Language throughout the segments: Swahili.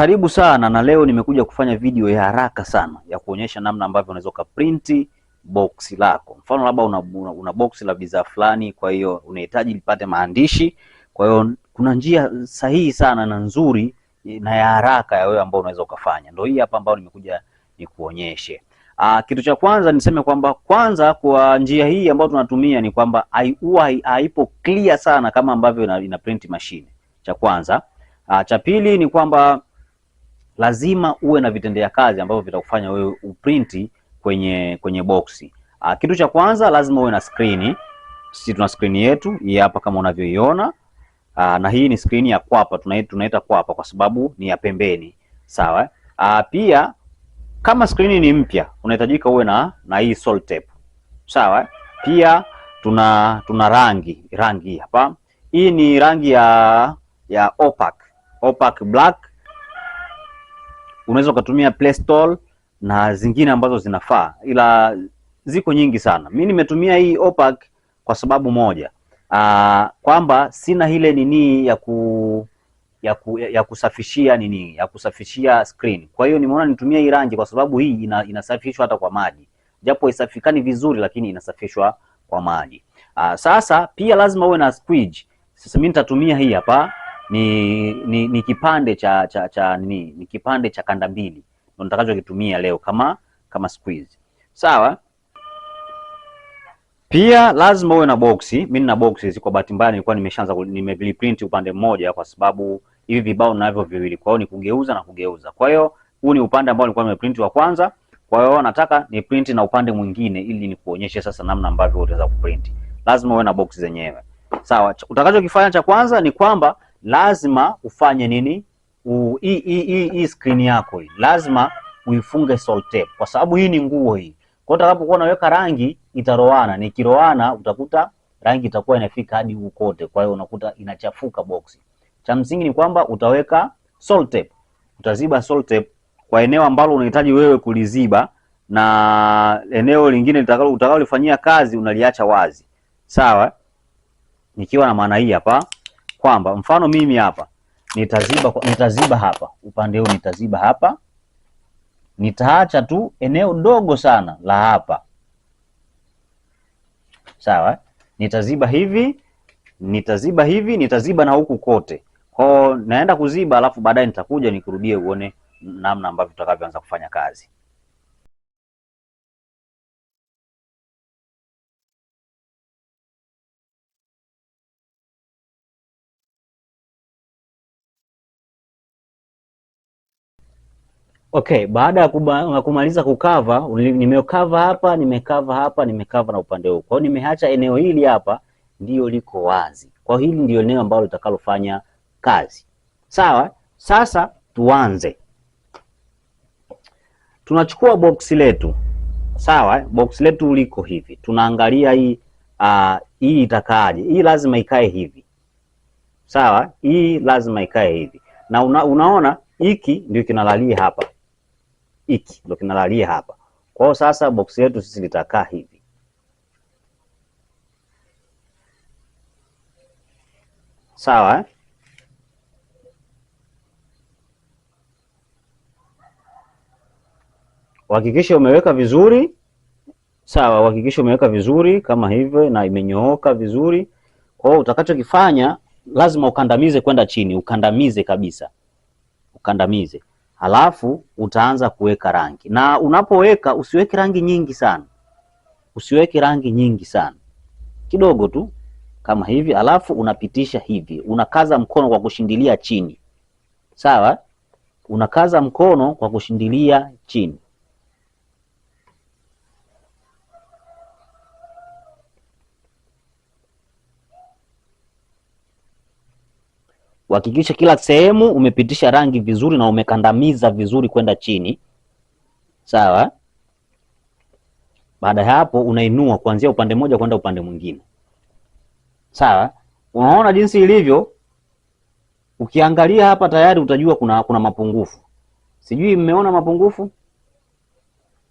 Karibu sana na leo nimekuja kufanya video ya haraka sana ya kuonyesha namna ambavyo unaweza ukaprinti box lako. Mfano labda una, una, una box la bidhaa fulani, kwa hiyo unahitaji lipate maandishi. Kwa hiyo kuna njia sahihi sana na nzuri eh, na ya haraka ya wewe ambao unaweza ukafanya, ndio hii hapa ambayo nimekuja nikuonyeshe. Ah, kitu cha kwanza niseme kwamba kwanza, kwa njia hii ambayo tunatumia ni kwamba huwa haipo clear sana kama ambavyo ina, ina print machine. Cha kwanza. Ah, cha pili ni kwamba lazima uwe na vitendea kazi ambavyo vitakufanya wewe uprinti kwenye kwenye boksi. Ah, kitu cha kwanza lazima uwe na skrini. Sisi tuna skrini yetu hii hapa kama unavyoiona, ah, na hii ni skrini ya kwapa, tunaita kwapa kwa sababu ni ya pembeni, sawa. Uh, pia kama skrini ni mpya unahitajika uwe na na hii salt tape, sawa. Pia tuna tuna rangi rangi hapa, hii ni rangi ya ya opaque, opaque black unaweza ukatumia Store na zingine ambazo zinafaa, ila ziko nyingi sana. Mimi nimetumia hii Opack kwa sababu moja ah, kwamba sina ile nini ya ku ya, ku, ya, kusafishia nini ya kusafishia screen. Kwa hiyo nimeona nitumie hii rangi kwa sababu hii ina, inasafishwa hata kwa maji, japo isafikani vizuri, lakini inasafishwa kwa maji. Ah, sasa pia lazima uwe na squeegee. Sasa mimi nitatumia hii hapa ni, ni, ni kipande cha cha, cha ni, Ni kipande cha kanda mbili ndio nitakachokitumia leo kama kama squeeze. Sawa. Pia lazima uwe na boxi. Mimi nina boxi hizi, kwa bahati mbaya nilikuwa nimeshaanza nimeprint upande mmoja, kwa sababu hivi vibao ninavyo viwili, kwa hiyo ni kugeuza na kugeuza. Kwa hiyo huu ni upande ambao nilikuwa nimeprint wa kwanza, kwa hiyo nataka ni print na upande mwingine, ili nikuonyeshe sasa namna ambavyo utaweza kuprint. Lazima uwe na boxi zenyewe. Sawa, utakachokifanya cha kwanza ni kwamba lazima ufanye nini? Hii screen yako hii lazima uifunge salt tape, kwa sababu hii ni nguo hii. Kwa hiyo utakapokuwa unaweka rangi itaroana, nikiroana utakuta rangi itakuwa inafika hadi ukote, kwa hiyo unakuta inachafuka boksi. Cha msingi ni kwamba utaweka salt tape, utaziba salt tape kwa eneo ambalo unahitaji wewe kuliziba, na eneo lingine utakalo utakalo kazi unaliacha wazi, sawa. Nikiwa na maana hii hapa kwamba mfano mimi hapa nitaziba, nitaziba hapa upande huu nitaziba hapa, nitaacha tu eneo dogo sana la hapa, sawa. Nitaziba hivi, nitaziba hivi, nitaziba na huku kote kwao, naenda kuziba, alafu baadaye nitakuja nikurudie uone namna ambavyo tutakavyoanza kufanya kazi. Okay, baada ya kumaliza kukava, nimekava hapa, nimekava hapa, nimekava na upande huu. Kwa hiyo nimeacha eneo hili hapa ndio liko wazi. Kwa hiyo hili ndio eneo ambalo litakalofanya kazi. Sawa? Sasa tuanze. Tunachukua box letu. Sawa? Box letu liko hivi. Tunaangalia hii uh, hii itakaaje? Hii lazima ikae hivi. Sawa? Hii lazima ikae hivi. Na una, unaona hiki ndio kinalalia hapa hiki ndio kinalalia hapa. Kwa hiyo sasa box yetu sisi litakaa hivi. Sawa eh? umeweka vizuri. Sawa, uhakikishe umeweka vizuri kama hivyo na imenyooka vizuri. Kwa hiyo utakachokifanya lazima ukandamize kwenda chini, ukandamize kabisa, ukandamize halafu utaanza kuweka rangi, na unapoweka usiweke rangi nyingi sana, usiweke rangi nyingi sana, kidogo tu kama hivi, alafu unapitisha hivi, unakaza mkono kwa kushindilia chini, sawa? Unakaza mkono kwa kushindilia chini. Uhakikishe kila sehemu umepitisha rangi vizuri na umekandamiza vizuri kwenda chini, sawa. Baada ya hapo, unainua kuanzia upande mmoja kwenda upande mwingine, sawa. Unaona jinsi ilivyo. Ukiangalia hapa tayari utajua kuna kuna mapungufu. Sijui mmeona mapungufu?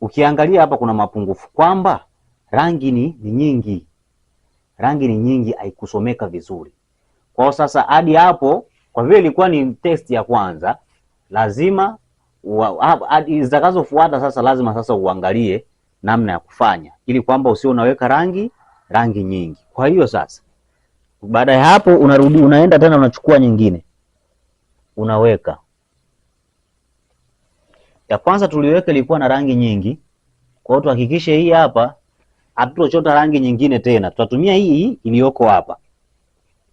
Ukiangalia hapa kuna mapungufu kwamba rangi ni, ni nyingi, rangi ni nyingi, haikusomeka vizuri. Kwa hiyo sasa, hadi hapo, kwa vile ilikuwa ni test ya kwanza, lazima zitakazofuata sasa, lazima sasa uangalie namna ya kufanya ili kwamba usio unaweka rangi rangi nyingi. Kwa hiyo sasa, baada ya hapo, unarudi unaenda tena unachukua nyingine unaweka ya kwanza tuliweka ilikuwa na rangi nyingi. Kwa hiyo tuhakikishe hii hapa hatutochota rangi nyingine tena, tutatumia hii iliyoko hapa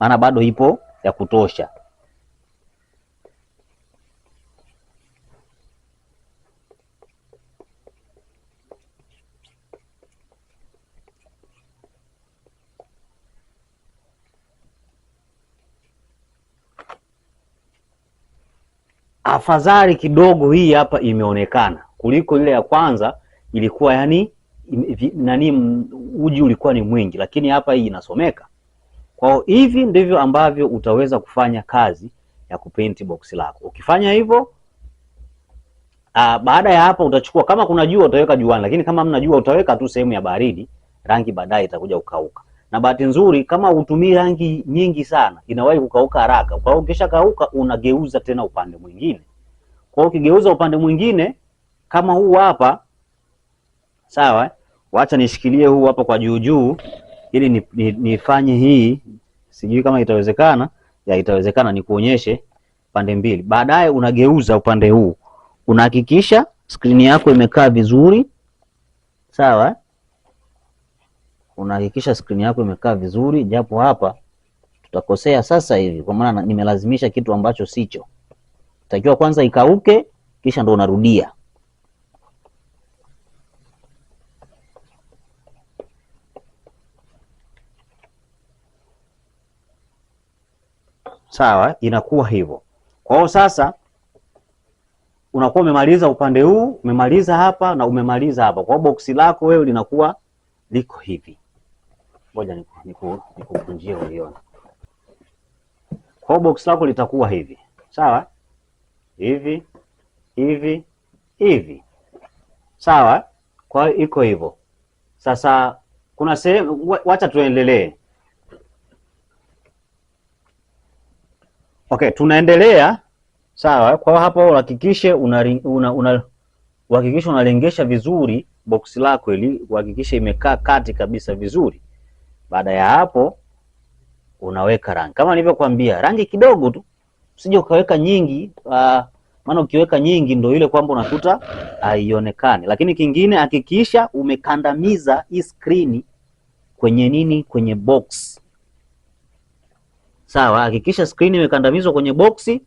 maana bado ipo ya kutosha. Afadhali kidogo hii hapa imeonekana kuliko ile ya kwanza ilikuwa, yani nani, uji ulikuwa ni mwingi, lakini hapa hii inasomeka. Kwa hivi ndivyo ambavyo utaweza kufanya kazi ya kupaint box lako. Ukifanya hivyo Uh, baada ya hapo utachukua kama kuna jua utaweka juani, lakini kama mna jua utaweka tu sehemu ya baridi, rangi baadaye itakuja kukauka. Na bahati nzuri kama utumii rangi nyingi sana inawahi kukauka haraka. Kwa hiyo ukisha kauka unageuza tena upande mwingine. Kwa hiyo ukigeuza upande mwingine kama huu hapa, sawa, wacha nishikilie huu hapa kwa juu juu ili nifanye hii, sijui kama itawezekana. Ya, itawezekana, nikuonyeshe pande mbili. Baadaye unageuza upande huu, unahakikisha skrini yako imekaa vizuri, sawa. Unahakikisha skrini yako imekaa vizuri, japo hapa tutakosea sasa hivi, kwa maana nimelazimisha kitu ambacho sicho takiwa. Kwanza ikauke, kisha ndo unarudia. Sawa, inakuwa hivyo. Kwa hiyo sasa unakuwa umemaliza upande huu, umemaliza hapa na umemaliza hapa. Kwa hiyo boksi lako wewe linakuwa liko hivi. Ngoja nikukunjie niku, uliona. Kwa hiyo boksi lako litakuwa hivi. Sawa? Hivi, hivi, hivi. Sawa? Kwa hiyo iko hivyo. Sasa kuna sehemu, wacha tuendelee. Okay, tunaendelea sawa. Kwa hiyo hapo uhakikishe una, una, una, uhakikishe unalengesha vizuri box lako ili uhakikishe imekaa kati kabisa vizuri. Baada ya hapo unaweka rangi kama nilivyokuambia, rangi kidogo tu, usije ukaweka nyingi uh, maana ukiweka nyingi ndio ile kwamba unakuta haionekani uh, lakini kingine hakikisha umekandamiza hii skrini kwenye nini, kwenye box sawa. Hakikisha skrini imekandamizwa kwenye boksi,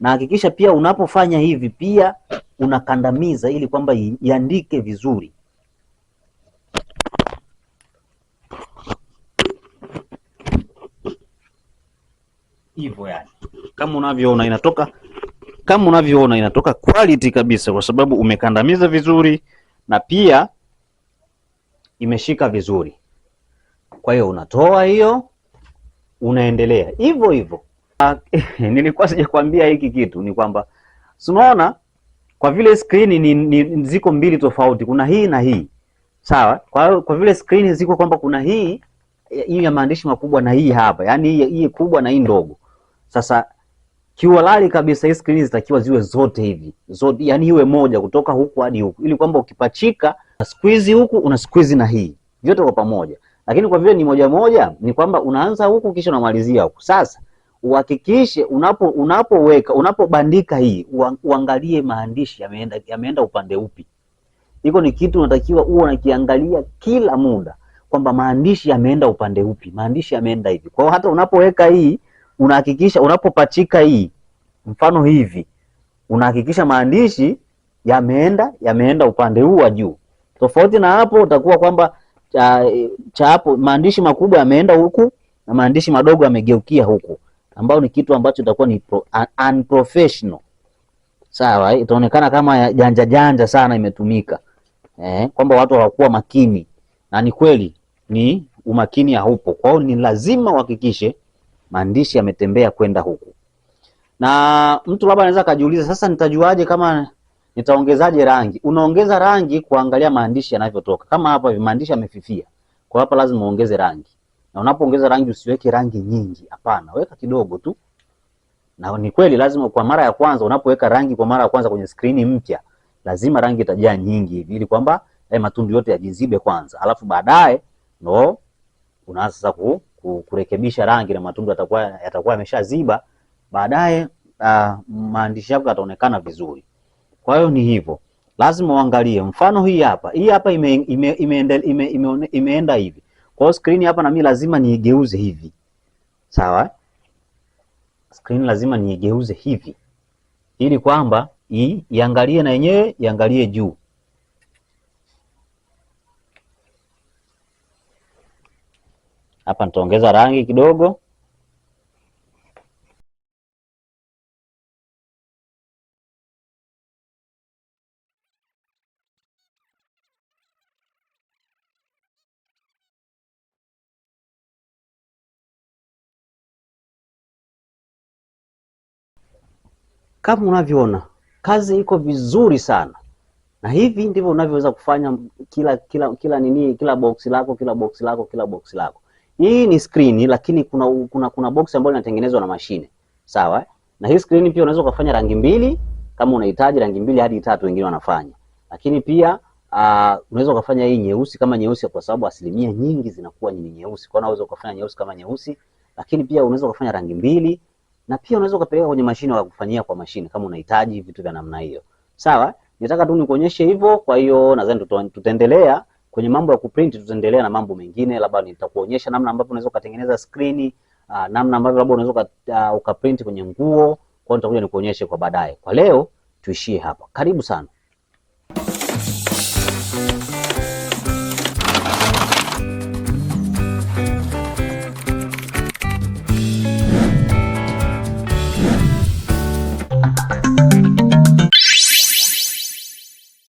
na hakikisha pia unapofanya hivi pia unakandamiza ili kwamba iandike vizuri. Hivyo yani, kama unavyoona inatoka kama unavyoona inatoka quality kabisa, kwa sababu umekandamiza vizuri na pia imeshika vizuri. Kwa hiyo unatoa hiyo unaendelea hivyo hivyo. Ah, nilikuwa sijakwambia hiki kitu ni kwamba unaona, kwa vile skrini ni, ni, ziko mbili tofauti, kuna hii na hii sawa. Kwa, kwa vile skrini ziko kwamba kuna hii hii ya maandishi makubwa na hii hapa, yaani hii, hii kubwa na hii ndogo. Sasa kiuhalali kabisa hii skrini zitakiwa ziwe zote hivi zote, yani iwe moja kutoka huku hadi huku, ili kwamba ukipachika squeeze huku una squeeze na hii vyote kwa pamoja. Lakini kwa vile ni moja moja, ni kwamba unaanza huku kisha unamalizia huku. Sasa uhakikishe unapo unapoweka unapobandika hii uangalie maandishi yameenda yameenda upande upi. Hiko ni kitu unatakiwa uwe unakiangalia kila muda kwamba maandishi yameenda upande upi, maandishi yameenda hivi. Kwa hiyo hata unapoweka hii unahakikisha unapopachika hii mfano hivi, unahakikisha maandishi yameenda yameenda upande huu wa juu. Tofauti na hapo utakuwa kwamba cha cha hapo, maandishi makubwa yameenda huku na maandishi madogo yamegeukia huku, ambao ni kitu ambacho itakuwa ni pro, un, unprofessional sawa. Itaonekana kama janja janja sana imetumika eh, kwamba watu hawakuwa makini, na ni kweli ni umakini haupo. Kwa hiyo ni lazima uhakikishe maandishi yametembea kwenda huku, na mtu labda anaweza akajiuliza sasa, nitajuaje kama nitaongezaje rangi? Unaongeza rangi kuangalia maandishi yanavyotoka. Kama hapa hivi maandishi yamefifia, kwa hapa lazima uongeze rangi, na unapoongeza rangi usiweke rangi nyingi. Hapana, weka kidogo tu. Na ni kweli lazima, kwa mara ya kwanza unapoweka rangi kwa mara ya kwanza kwenye skrini mpya, lazima rangi itajaa nyingi hivi, ili kwamba eh, matundu yote yajizibe kwanza, alafu baadaye ndo unaanza sasa ku, ku, kurekebisha rangi na matundu yatakuwa yatakuwa yameshaziba, baadaye uh, maandishi yako yataonekana vizuri. Kwa hiyo ni hivyo, lazima uangalie. Mfano hii hapa, hii hapa ime, ime, imeenda, ime, ime, imeenda hivi. Kwa hiyo screen hapa na mimi lazima niigeuze hivi, sawa? Screen lazima niigeuze hivi ili kwamba iangalie na yenyewe iangalie juu. Hapa nitaongeza rangi kidogo. Kama unavyoona kazi iko vizuri sana, na hivi ndivyo unavyoweza kufanya kila kila kila nini, kila box lako kila box lako kila box lako. Hii ni screen, lakini kuna kuna, kuna box ambayo inatengenezwa na mashine sawa. Eh? Na hii screen pia unaweza kufanya rangi mbili kama unahitaji rangi mbili hadi tatu, wengine wanafanya, lakini pia Uh, unaweza kufanya hii nyeusi kama nyeusi, kwa sababu asilimia nyingi zinakuwa ni nyeusi. Kwa hiyo unaweza kufanya nyeusi kama nyeusi, lakini pia unaweza kufanya rangi mbili na pia unaweza ukapeleka kwenye mashine wakakufanyia kwa mashine kama unahitaji vitu vya namna hiyo. Sawa, nitaka tu nikuonyeshe hivyo. Kwa hiyo nadhani tutaendelea kwenye mambo ya kuprint, tutaendelea na mambo mengine, labda nitakuonyesha namna ambavyo unaweza ukatengeneza skrini, ah, namna ambavyo labda unaweza ah, ukaprint kwenye nguo. Kwa hiyo nitakuja nikuonyeshe kwa baadaye. Kwa leo tuishie hapa. Karibu sana.